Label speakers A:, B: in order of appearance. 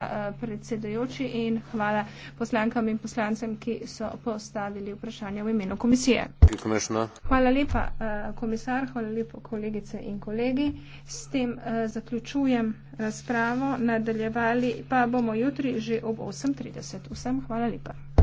A: Eh, predsedajoči in hvala poslankam in poslancem, ki so postavili vprašanje v imenu komisije. Hvala lepa, eh, komisar, hvala lepa, kolegice in kolegi. S tem eh, zaključujem razpravo. Nadaljevali pa bomo jutri že ob 8.30. Vsem hvala lepa.